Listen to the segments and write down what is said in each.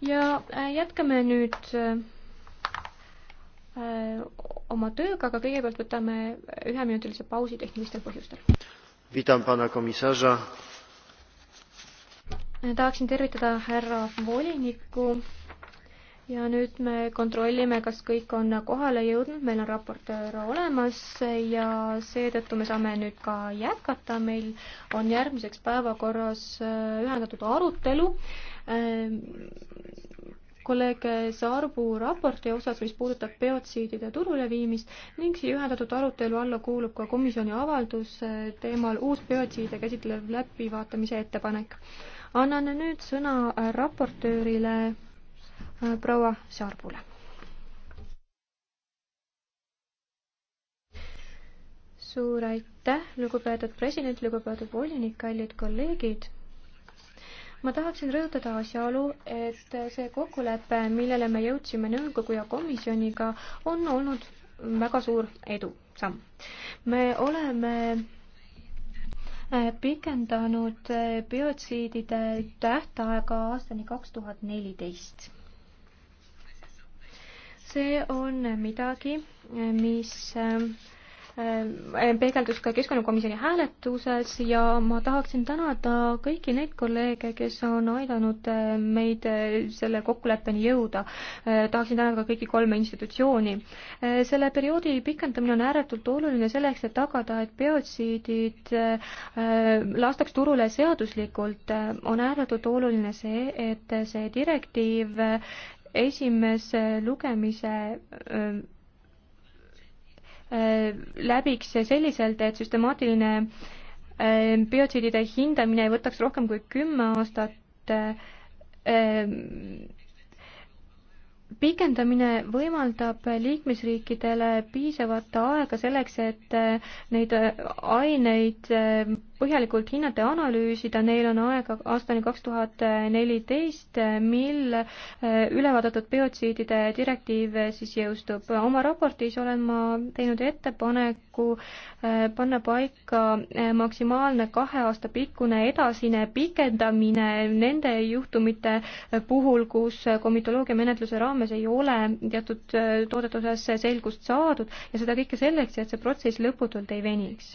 ja äh, jätkame nüüd äh, äh, oma tööga, aga kõigepealt võtame üheminutilise pausi tehnilistel põhjustel. Witam pana komisarza. tahaksin tervitada härra volinikku ja nüüd me kontrollime, kas kõik on kohale jõudnud, meil on raportöör olemas ja seetõttu me saame nüüd ka jätkata, meil on järgmiseks päevakorras äh, ühendatud arutelu äh, kolleeg Saarbu raporti osas, mis puudutab biotsiidide turule viimist ning siia ühendatud arutelu alla kuulub ka komisjoni avaldus äh, teemal uus biotsiide käsitlev läbivaatamise ettepanek. annan nüüd sõna raportöörile Äh, proua Saarpule. suur aitäh, lugupeetud president, lugupeetud volinik, kallid kolleegid. ma tahaksin rõhutada asjaolu, et see kokkulepe, millele me jõudsime nõukogu ja komisjoniga, on olnud väga suur edusamm. me oleme äh, pikendanud äh, biotsiidide tähtaega aastani kaks tuhat neliteist see on midagi, mis äh, peegeldus ka Keskkonnakomisjoni hääletuses ja ma tahaksin tänada kõiki neid kolleege, kes on aidanud äh, meid äh, selle kokkuleppeni jõuda. tahaksin tänada ka kõiki kolme institutsiooni. selle perioodi pikendamine on ääretult oluline selleks, et tagada, et biotsiidid lastaks turule seaduslikult. on ääretult oluline see, et see direktiiv esimese lugemise läbiks selliselt, et süstemaatiline biotsiidide hindamine võtaks rohkem kui kümme aastat pikendamine võimaldab liikmesriikidele piisavat aega selleks, et äh, neid äh, aineid äh, põhjalikult hinnata ja analüüsida, neil on aega aastani kaks tuhat neliteist, mil üle vaadatud biotsiidide direktiiv siis jõustub. oma raportis olen ma teinud ettepaneku panna paika maksimaalne kahe aasta pikkune edasine pikendamine nende juhtumite puhul, kus komitoloogia menetluse raames raames ei ole teatud äh, toodete osas selgust saadud ja seda kõike selleks, et see protsess lõputult ei veniks.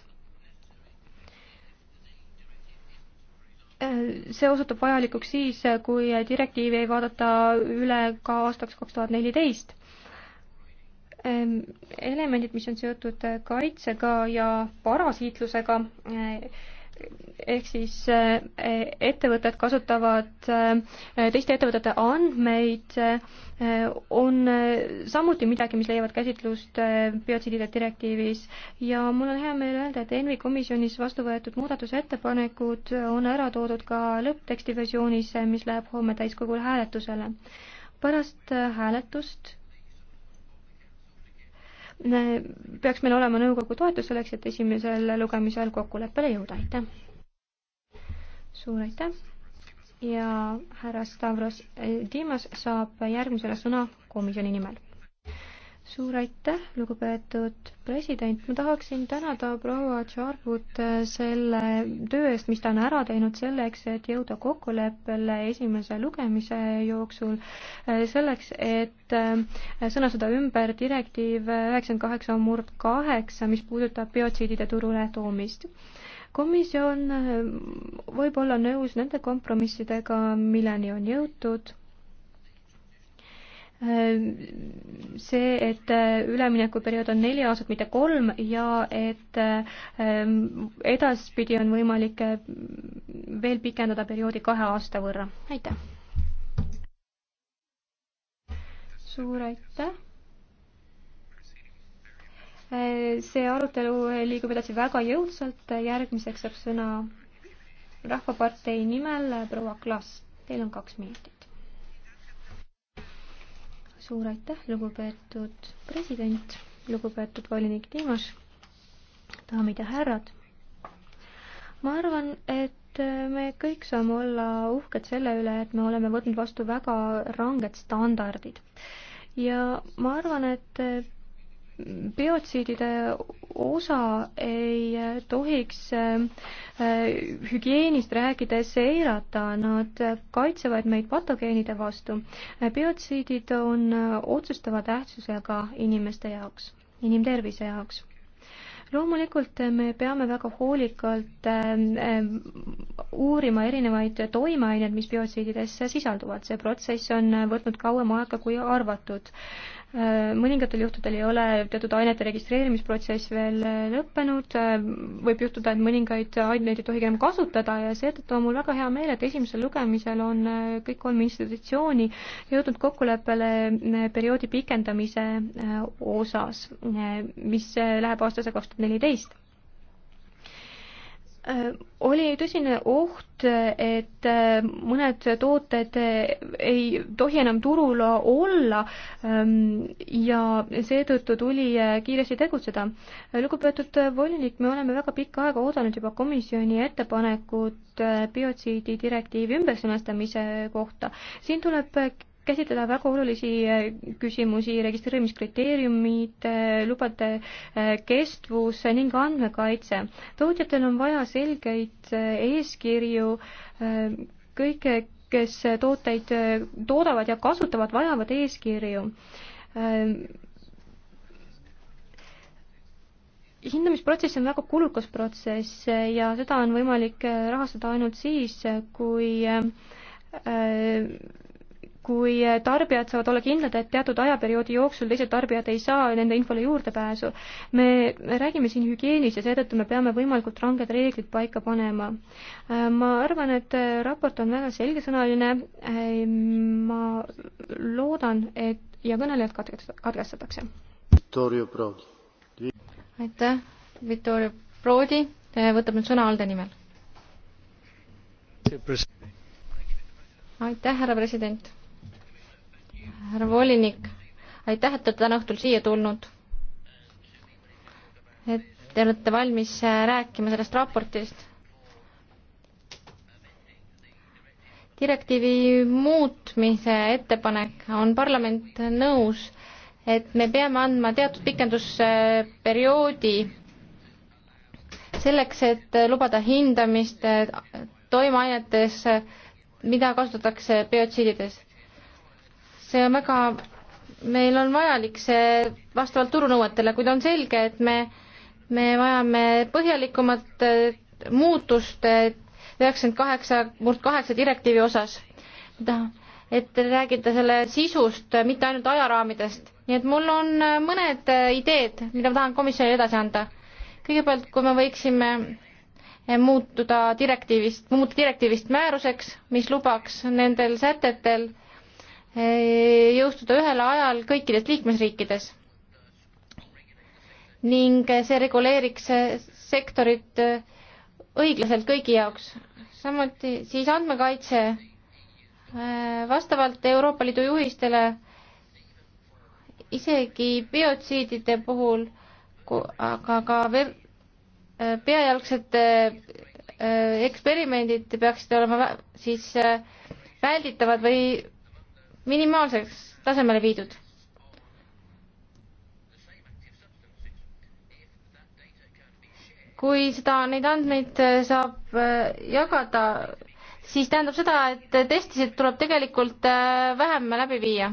Äh, see osutub vajalikuks siis, kui direktiivi ei vaadata üle ka aastaks kaks tuhat neliteist. Ähm, elemendid, mis on seotud kaitsega ja parasiitlusega, äh, ehk siis eh, ettevõtted kasutavad eh, teiste ettevõtete andmeid, eh, on samuti midagi, mis leiavad käsitlust biotsiidide direktiivis ja mul on hea meel öelda, et ENVI komisjonis vastu võetud muudatusettepanekud on ära toodud ka lõppteksti versioonis, mis läheb homme täiskogul hääletusele. pärast hääletust peaks meil olema nõukogu toetus selleks, et esimesel lugemisel kokkuleppele jõuda, aitäh. suur aitäh ja härra Stavros eh, Dimas saab järgmisena sõna komisjoni nimel suur aitäh, lugupeetud president, ma tahaksin tänada proua Tšarbut äh, selle töö eest, mis ta on ära teinud selleks, et jõuda kokkuleppele esimese lugemise jooksul, äh, selleks, et äh, sõnastada ümber direktiiv üheksakümmend kaheksa murd kaheksa, mis puudutab biotsiidide turule toomist komisjon võib olla nõus nende kompromissidega, milleni on jõutud see, et äh, üleminekuperiood on neli aastat, mitte kolm ja et äh, edaspidi on võimalik äh, veel pikendada perioodi kahe aasta võrra. aitäh! suur aitäh! see arutelu liigub edasi väga jõudsalt, järgmiseks saab sõna Rahvapartei nimel proua Klas, teil on kaks minutit suur aitäh, lugupeetud president, lugupeetud volinik Dimas, daamid ja härrad. ma arvan, et me kõik saame olla uhked selle üle, et me oleme võtnud vastu väga ranged standardid ja ma arvan, et biotsiidide osa ei tohiks äh, hügieenist rääkides eirata, nad kaitsevad meid patogeenide vastu. biotsiidid on otsustava tähtsusega inimeste jaoks, inimtervise jaoks loomulikult me peame väga hoolikalt ähm, uurima erinevaid toimeained, mis biotsiididesse sisalduvad. see protsess on võtnud kauem aega kui arvatud. Äh, mõningatel juhtudel ei ole teatud ainete registreerimisprotsess veel äh, lõppenud, äh, võib juhtuda, et mõningaid aineid ei tohi enam kasutada ja seetõttu on mul väga hea meel, et esimesel lugemisel on kõik kolm institutsiooni jõudnud kokkuleppele perioodi pikendamise osas, mis läheb aastasse kaks tuhat neliteist Äh, oli tõsine oht, et äh, mõned tooted äh, ei tohi enam turul olla ähm, ja seetõttu tuli kiiresti tegutseda. lugupeetud volinik, me oleme väga pikka aega oodanud juba komisjoni ettepanekut biotsiidi direktiivi ümbersõnastamise kohta. siin tuleb käsitleda väga olulisi äh, küsimusi, registreerimiskriteeriumid, äh, lubade äh, kestvus ning andmekaitse. tootjatel on vaja selgeid eeskirju, kõik, kes tooteid toodavad ja kasutavad, vajavad eeskirju hindamisprotsess on väga kulukas protsess ja seda on võimalik rahastada ainult siis, kui kui tarbijad saavad olla kindlad, et teatud ajaperioodi jooksul teised tarbijad ei saa nende infole juurdepääsu. me räägime siin hügieenist ja seetõttu me peame võimalikult ranged reeglid paika panema. ma arvan, et raport on väga selgesõnaline. ma loodan, et ja kõnelejad katkestatakse. Vittorio Prodi. aitäh, Vittorio Prodi võtab nüüd sõna ALDE nimel. aitäh, härra president härra volinik, aitäh, et te täna õhtul siia tulnud. et te olete valmis äh, rääkima sellest raportist. direktiivi muutmise ettepanek on parlament nõus, et me peame andma teatud pikendusperioodi selleks, et lubada hindamist toimeainetes, mida kasutatakse biotsiidides see on väga, meil on vajalik see vastavalt turunõuetele, kuid on selge, et me, me vajame põhjalikumat eh, muutust eh, üheksakümmend kaheksa murd kaheksa direktiivi osas. et räägida selle sisust, eh, mitte ainult ajaraamidest. nii et mul on mõned ideed, mida ma tahan komisjonile edasi anda. kõigepealt, kui me võiksime muutuda direktiivist, muuta direktiivist määruseks, mis lubaks nendel sätetel äh, jõustuda ühel ajal kõikides liikmesriikides. ning see reguleeriks sektorit õiglaselt kõigi jaoks. samuti siis andmekaitse äh, vastavalt Euroopa Liidu juhistele isegi biotsiidide puhul, aga ka äh, peajalgsed äh, eksperimendid peaksid olema siis välditavad või minimaalseks tasemele viidud. kui seda, neid andmeid äh, saab äh, jagada, siis tähendab seda, et testisid tuleb tegelikult äh, vähem läbi viia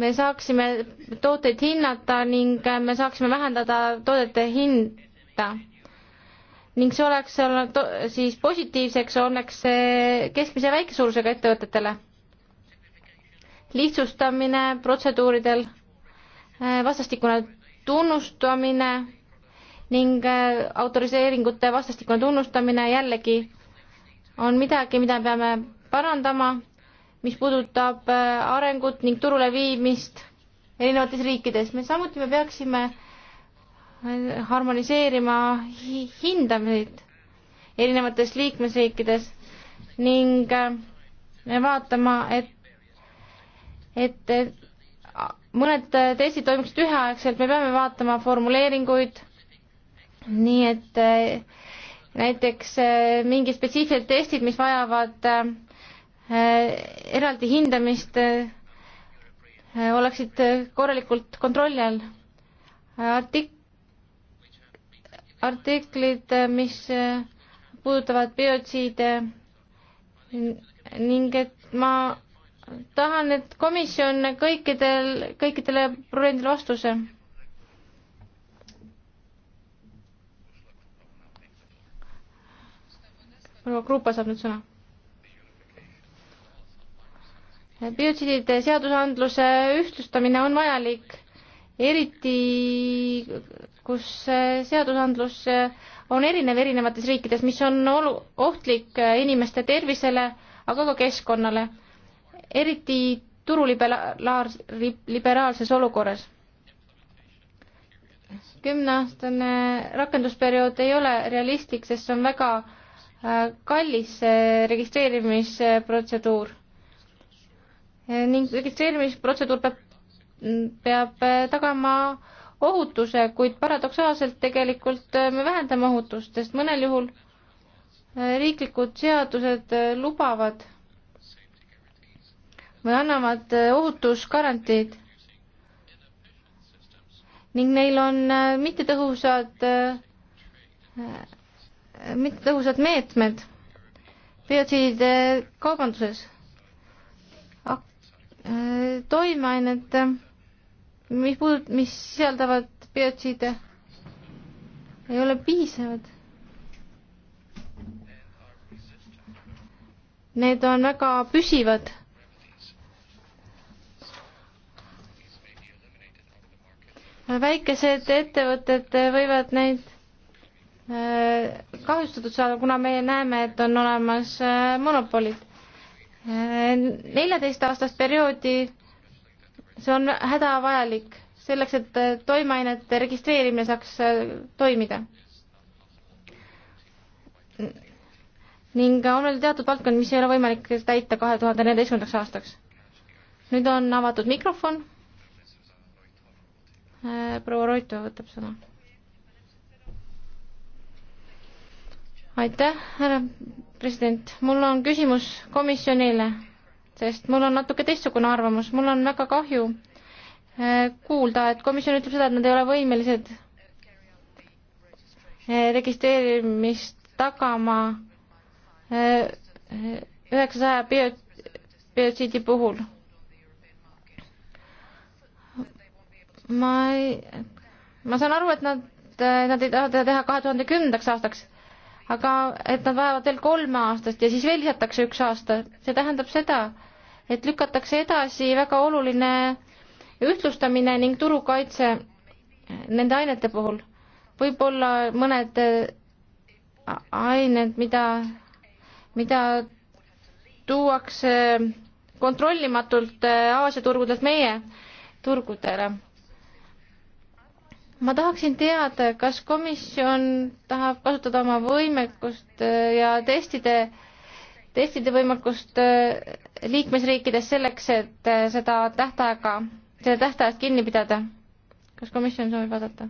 me saaksime tooteid hinnata ning me saaksime vähendada toodete hinda. ning see oleks olnud siis positiivseks õnneks keskmise ja väikesuurusega ettevõtetele lihtsustamine protseduuridel, äh, vastastikune tunnustamine ning äh, autoriseeringute vastastikune tunnustamine jällegi on midagi, mida peame parandama, mis puudutab äh, arengut ning turule viimist erinevates riikides. me samuti, me peaksime harmoniseerima hindamist erinevates liikmesriikides ning vaatama, et et eh, mõned eh, testid toimuksid üheaegselt, me peame vaatama formuleeringuid, nii et eh, näiteks mingi spetsiifilised testid, mis vajavad eraldi hindamist, oleksid korralikult kontrolli all. artik-, artiklid, mis puudutavad biotsiide ning et ma tahan, et komisjon kõikidel, kõikidele probleemidele vastuse. proua Kruupa saab nüüd sõna. biotsiidide seadusandluse ühtlustamine on vajalik, eriti kus seadusandlus on erinev erinevates riikides, mis on olu-, ohtlik inimeste tervisele, aga ka keskkonnale eriti turuliberaarses olukorras. kümneaastane rakendusperiood ei ole realistlik, sest see on väga äh, kallis äh, registreerimisprotseduur. Äh, ning registreerimisprotseduur peab, mm, peab tagama ohutuse, kuid paradoksaalselt tegelikult me vähendame ohutust, sest mõnel juhul riiklikud seadused lubavad või annavad äh, ohutusgarantiid ning neil on äh, mittetõhusad, äh, mittetõhusad meetmed biotsiidide kaubanduses. toimeained, mis puudut-, mis sisaldavad biotsiide, ei ole piisavad. Need on väga püsivad väikesed ettevõtted võivad neid äh, kahjustatud saada, kuna me näeme, et on olemas äh, monopolid. Äh, neljateistaastast perioodi, see on hädavajalik selleks, et toimeainete registreerimine saaks toimida. ning on veel teatud valdkond, mis ei ole võimalik täita kahe tuhande neljateistkümnendaks aastaks. nüüd on avatud mikrofon Äh, proua Roitova võtab sõna. aitäh, härra president, mul on küsimus komisjonile, sest mul on natuke teistsugune arvamus, mul on väga kahju äh, kuulda, et komisjon ütleb seda, et nad ei ole võimelised äh, registreerimist tagama üheksasaja bio, biotsiidi puhul ma ei, ma saan aru, et nad, nad ei taha teda teha kahe tuhande kümnendaks aastaks, aga et nad vajavad veel kolme aastast ja siis veel lisatakse üks aasta, see tähendab seda, et lükatakse edasi väga oluline ühtlustamine ning turukaitse nende ainete puhul. võib-olla mõned äh, ained, mida, mida tuuakse kontrollimatult äh, Aasia turgudelt meie turgudele ma tahaksin teada, kas komisjon tahab kasutada oma võimekust äh, ja testide, testide võimekust äh, liikmesriikides selleks, et äh, seda tähtaega, selle tähtajast kinni pidada. kas komisjon soovib vaadata?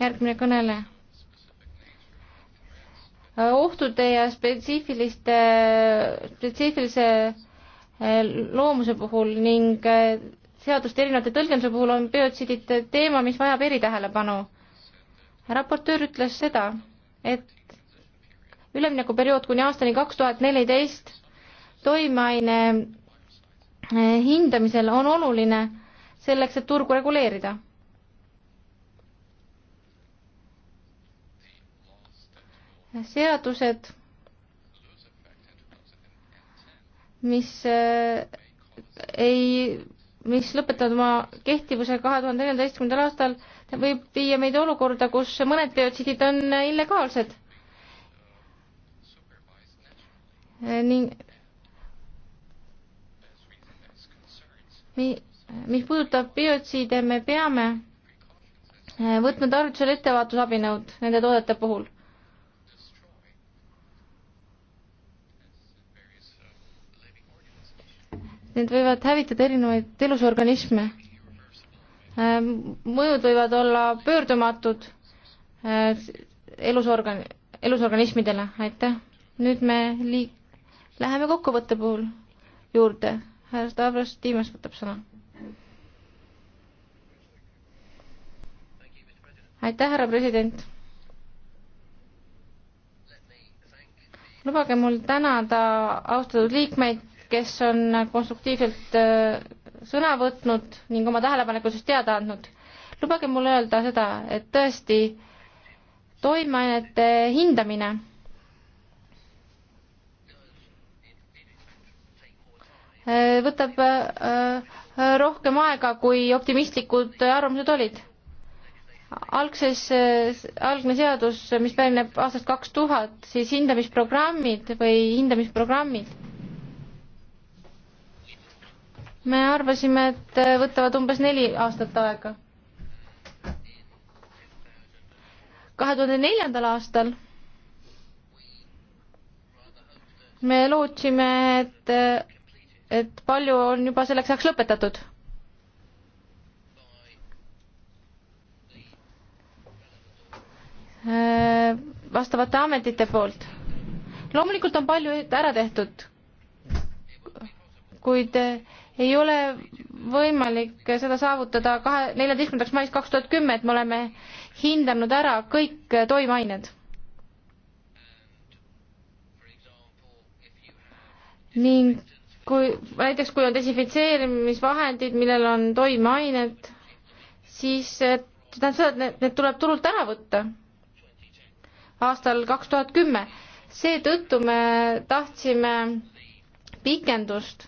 järgmine kõneleja. ohtude ja spetsiifiliste, spetsiifilise loomuse puhul ning seaduste erinevate tõlgenduse puhul on biotsiidid teema, mis vajab eritähelepanu. raportöör ütles seda, et üleminekuperiood kuni aastani kaks tuhat neliteist toimeaine eh, hindamisel on oluline selleks, et turgu reguleerida. seadused, mis eh, ei mis lõpetavad oma kehtivuse kahe tuhande neljateistkümnendal aastal, võib viia meid olukorda, kus mõned biotsiidid on illegaalsed. ning mis puudutab biotsiide, me peame võtma tarvitusele ettevaatusabinõud nende toodete puhul Need võivad hävitada erinevaid elusorganisme. Ähm, mõjud võivad olla pöördumatud äh, elusorgan-, elusorganismidele, aitäh. nüüd me liik-, läheme kokkuvõtte puhul juurde. härra Stavros Tiimas võtab sõna. aitäh, härra president. lubage mul tänada austatud liikmeid kes on konstruktiivselt äh, sõna võtnud ning oma tähelepanekusest teada andnud. lubage mul öelda seda, et tõesti toimeainete hindamine äh, võtab äh, rohkem aega, kui optimistlikud arvamused olid. algses, algne seadus, mis pärineb aastast kaks tuhat, siis hindamisprogrammid või hindamisprogrammid me arvasime, et võtavad umbes neli aastat aega. kahe tuhande neljandal aastal me lootsime, et, et palju on juba selleks ajaks lõpetatud. vastavate ametite poolt. loomulikult on palju ära tehtud, kuid te ei ole võimalik seda saavutada kahe, neljateistkümnendaks mais kaks tuhat kümme, et me oleme hindanud ära kõik toimeained. ning kui näiteks, kui on desinfitseerimisvahendid, millel on toimeained, siis tähendab seda, et need, need tuleb turult ära võtta aastal kaks tuhat kümme. seetõttu me tahtsime pikendust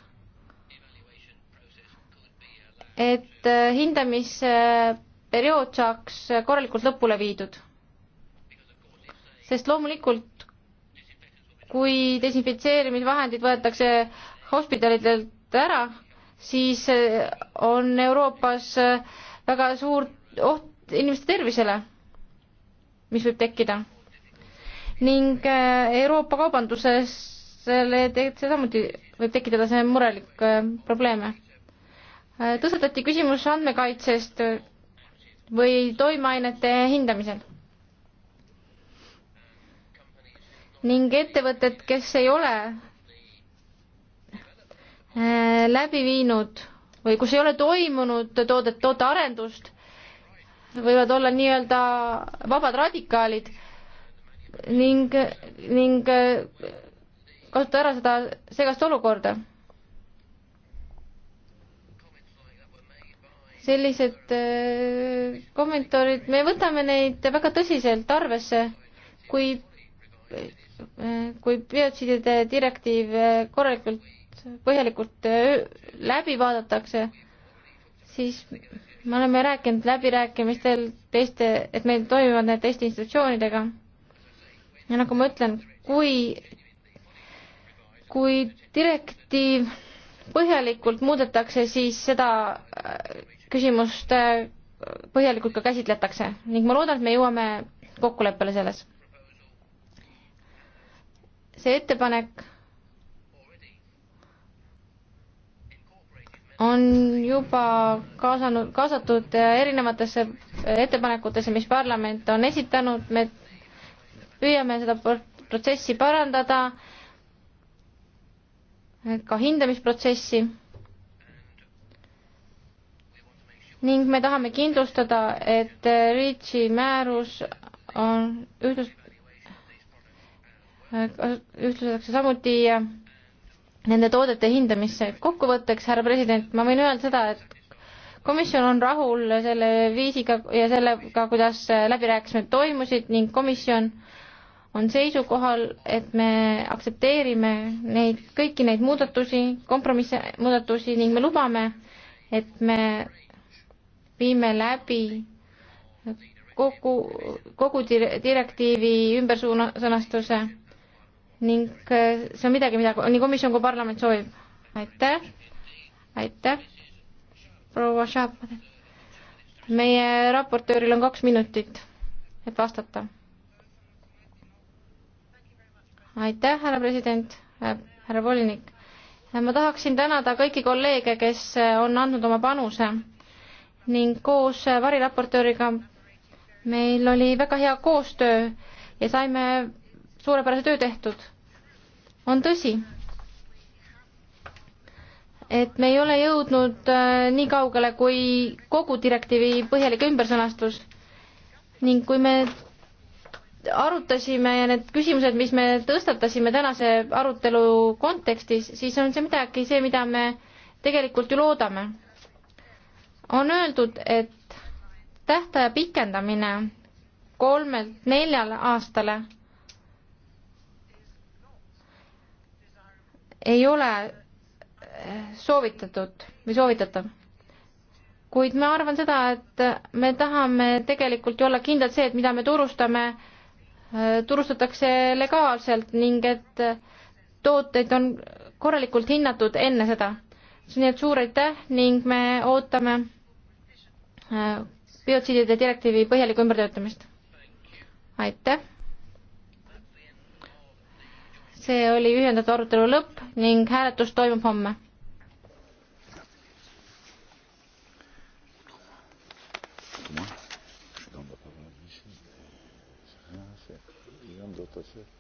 et äh, hindamisperiood saaks korralikult lõpule viidud. sest loomulikult, kui desinfitseerimisvahendid võetakse hospitalidelt ära, siis äh, on Euroopas äh, väga suur oht inimeste tervisele, mis võib tekkida. ning Euroopa kaubanduses selle, see samuti võib tekitada see murelik probleeme Äh, tõstatati küsimus andmekaitsest või toimeainete hindamisel. ning ettevõtted, kes ei ole äh, läbi viinud või kus ei ole toimunud toodet, tootearendust, võivad olla nii-öelda vabad radikaalid ning, ning äh, kasutada ära seda segast olukorda sellised äh, kommentaarid, me võtame neid väga tõsiselt arvesse, kui, äh, kui biotsiidide direktiiv äh, korralikult, põhjalikult läbi vaadatakse, siis me oleme rääkinud läbirääkimistel teiste, et meil toimuvad need teiste institutsioonidega. ja nagu ma ütlen, kui, kui direktiiv põhjalikult muudetakse, siis seda küsimust äh, põhjalikult ka käsitletakse ning ma loodan, et me jõuame kokkuleppele selles. see ettepanek on juba kaasanud, kaasatud erinevatesse ettepanekutesse, mis parlament on esitanud, me püüame seda protsessi parandada, ka hindamisprotsessi ning me tahame kindlustada, et REACH-i määrus on ühtlus-, ühtlustatakse samuti nende toodete hindamisse. kokkuvõtteks, härra president, ma võin öelda seda, et komisjon on rahul selle viisiga ja sellega, kuidas läbirääkimised toimusid ning komisjon on seisukohal, et me aktsepteerime neid, kõiki neid muudatusi, kompromisse, muudatusi ning me lubame, et me viime läbi kogu, kogu direktiivi ümbersuuna-, sõnastuse ning äh, see on midagi, mida nii komisjon kui parlament soovib. aitäh, aitäh, proua Šaapman. meie raportööril on kaks minutit, et vastata. aitäh, härra president, äh, härra volinik. Äh, ma tahaksin tänada kõiki kolleege, kes on andnud oma panuse ning koos variraportööriga meil oli väga hea koostöö ja saime suurepärase töö tehtud. on tõsi, et me ei ole jõudnud äh, nii kaugele kui kogu direktiivi põhjalik ümbersõnastus ning kui me arutasime ja need küsimused, mis me tõstatasime tänase arutelu kontekstis, siis on see midagi, see, mida me tegelikult ju loodame on öeldud, et tähtaja pikendamine kolmelt neljale aastale ei ole eh, soovitatud või soovitatav. kuid ma arvan seda, et me tahame tegelikult ju olla kindlad see, et mida me turustame, eh, turustatakse legaalselt ning et tooteid on korralikult hinnatud enne seda. nii et suur aitäh ning me ootame Äh, biotsiidide direktiivi põhjalikku ümbertöötamist. aitäh! see oli ühendatud arutelu lõpp ning hääletus toimub homme. Gracias.